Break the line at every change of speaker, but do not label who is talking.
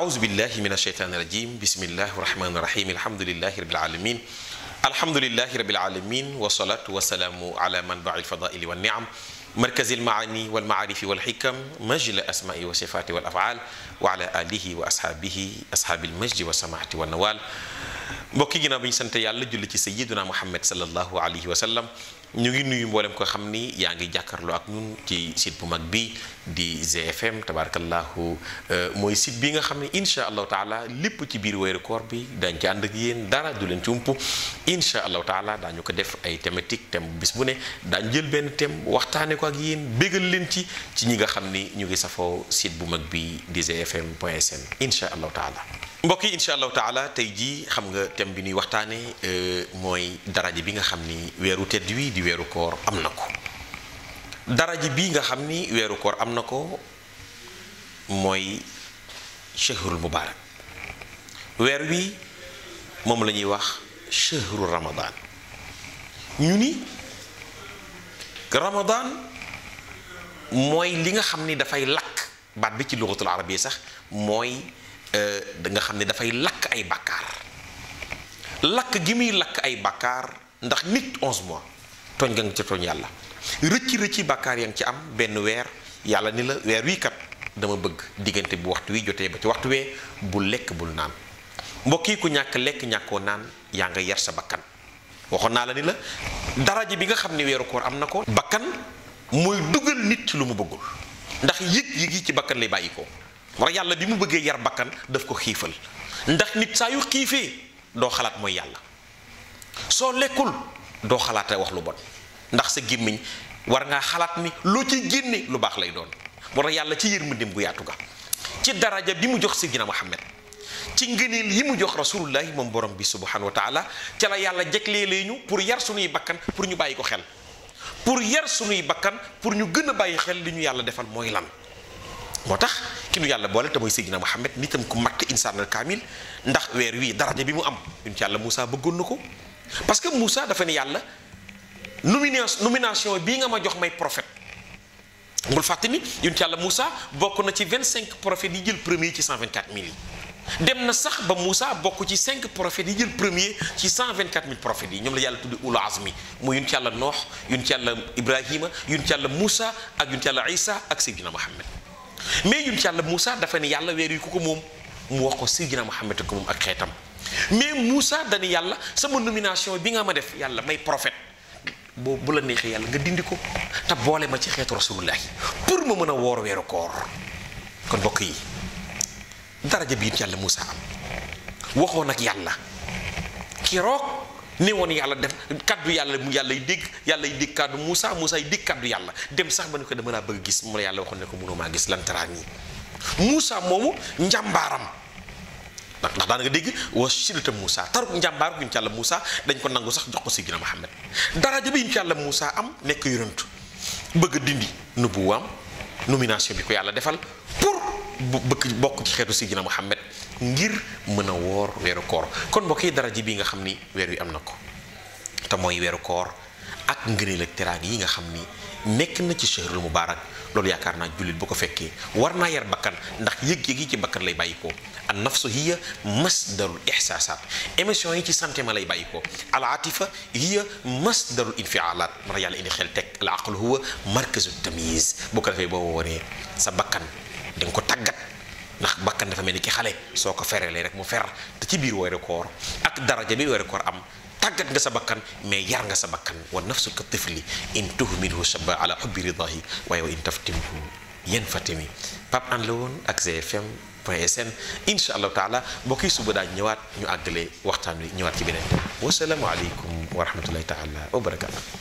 auzu billahi min asheytaani rajim bismillahi rahmaani rahim alhamdulilahi rabil alamin alhamdulilahi rabil alamin wasalaatu wasalaamu ala manbai lfadaili wanniam markazi almaani walmaarifi walxikam majla asmaai wa sifaati wal afaal wa ala alihi wa ashaabihi ashaabi almajdi wa samaati wa nawaal mbokki ginnaaw bi ñu sant yàlla julli ci sayiduna muhammad sallallahu alayhi wa sallam ñu ngi nuyu mboolem ko xam ni yaa ngi jàkkaarloo ak ñun ci site bu mag bi di GFM tabarakallahu euh, mooy site bi nga xam ne incha allahu taala lépp ci biir weeru koor bi dañ ci ànd ak yéen dara du leen ci ump incha allahu taala daañu ko def ay thématique thème bis bu ne daañu jël benn thème waxtaane ko ak yéen béggal leen ci ci ñi nga xam ni ñu ngi safoo site bu mag bi di GFM point sn incha allahu taala mbokk yi incha allahu taala tey jii xam nga thème bi ñuy waxtaane euh, mooy daraja bi nga xam ni weeru tedd wi di weeru koor am na ko daraja bi nga xam ni weeru koor am na ko mooy shahrul mubaarak weer wi moom la ñuy wax shahru ramadan ñu ni ramadan mooy li nga xam ni dafay lakk baat bi ci lugatul arabiyya sax mooy Eh, nga xam ne dafay lakk ay bàkkaar lakk gi muy lakk ay bàkkaar ndax nit onze mois tooñ nga ci tooñ yàlla rëcci rëcci bàkkaar yaa ngi ci am benn weer yàlla ni la weer wii kat dama bëgg diggante bu waxtu wi jotee ba ci waxtu we bu lekk bul naan mbokk yi ñàkk lekk ñàkkoo naan yaa nga yar sa bakkan waxoon naa la ni la daraja bi nga xam ne weeru koor am na ko bakkan mooy dugal nit ci lu mu bëggul ndax yëg yëg yi ci bakkan lay bàyyi ko war yàlla bi mu bëggee yar bakkan daf ko xiifal ndax nit saa yu xiifee doo xalaat mooy yàlla soo lekkul doo xalaate wax lu bon ndax sa gémmiñ war ngaa xalaat ni loo ci génne lu baax lay doon moo tax yàlla ci yërmandeem gu yaatu ga ci daraja bi mu jox Seydina Muhammad ci ngëneel yi mu jox rasulullahi moom borom bi subhanahu wa taala ca la yàlla jeglee lee ñu pour yar sunuy bakkan pour ñu bàyyi ko xel pour yar sunuy bakkan pour ñu gën a bàyyi xel li ñu yàlla defal mooy lan moo tax ki nu yàlla boole te mooy Seydina Muhammad nitam ku mat insaanal kaamil ndax weer wii daraja bi mu am ñun ci yàlla Moussa bëggoon na ko parce que Moussa dafa ne yàlla nomination nomination bii nga ma jox may prophète bul fàtte ni ñun ci yàlla Moussa bokk na ci 25 prophètes yi jël premier ci 124000 yi dem na sax ba Moussa bokk ci 5 prophètes yi jël premier ci 124000 prophètes yi ñoom la yàlla tuddi ulu azmi mooy yun ci yàlla Noox yun ci yàlla Ibrahima yun ci yàlla Moussa ak yun ci yàlla Isa ak Muhammad mais yun ci yàlla Moussa dafa ne yàlla weer yi ku ko moom mu wax ko Sidina Muhammad ko moom ak xeetam mais Moussa dani yàlla sama nomination bi nga ma def yàlla may prophète boo bu la neexee yàlla nga dindi ko te boole ma ci xeetu rasulullahi pour ma mën a woor weeru koor kon mbokk yi daraja bi yun ci yàlla am waxoon ak yàlla kiroog ni woon yàlla def kàddu yàlla yàlla y dégg yàlla y dégg kaddu Moussa Moussa y dégg kaddu yàlla dem sax ba ne ko dama laa bëgg gis mu la yàlla waxoon ne ko mënoo maa gis lantaraan yi Moussa moomu njàmbaaram ndax ndax daan dégg dégg wa silta Moussa taruk njàmbaar yuñ ci yàlla Moussa dañ ko nangu sax jox ko si gina Muhammad daraja bi yuñ ci yàlla Moussa am nekk yonent bëgg dindi nubuwaam nomination bi ko yàlla defal pour bëgg bokk ci xeetu si gina ngir mën a woor weeru koor kon mbokk yi dara ji nga xam ni weer wi am na ko te mooy weeru koor ak ngëneel ak teraanga yi nga xam ni nekk na ci shahrul mubaarak loolu yaakaar naa jullit boo ko fekkee war naa yar bakkan ndax yëg-yëg yi ci bakkan lay bàyyi ko an nafsu hiya masdarul ihsaasaat émission yi ci santé ma lay bàyyi ko al atifa hiya masdarul infialaat mara yàlla indi xel teg al aqlu huwa markazu tamyiz bu ko defee boo wooree sa bakkan da ko tàggat ndax bakkan dafa mel ni ki xale soo ko ferelee rek mu fer te ci biir weeru koor ak daraja bi weeru koor am tàggat nga sa bakkan mais yar nga sa bakkan wa nafsu ka tifli in tuhmilhu shabba ala hubbi ridahi waaye wa in taftimhu yen fatimi Pape Hann la woon ak gfm point sn insha allahu taala mbokk yi suba daal ñëwaat ñu àggale waxtaan wi ñëwaat ci beneen wassalaamu aleykum wa rahmatullahi taala wa barakatu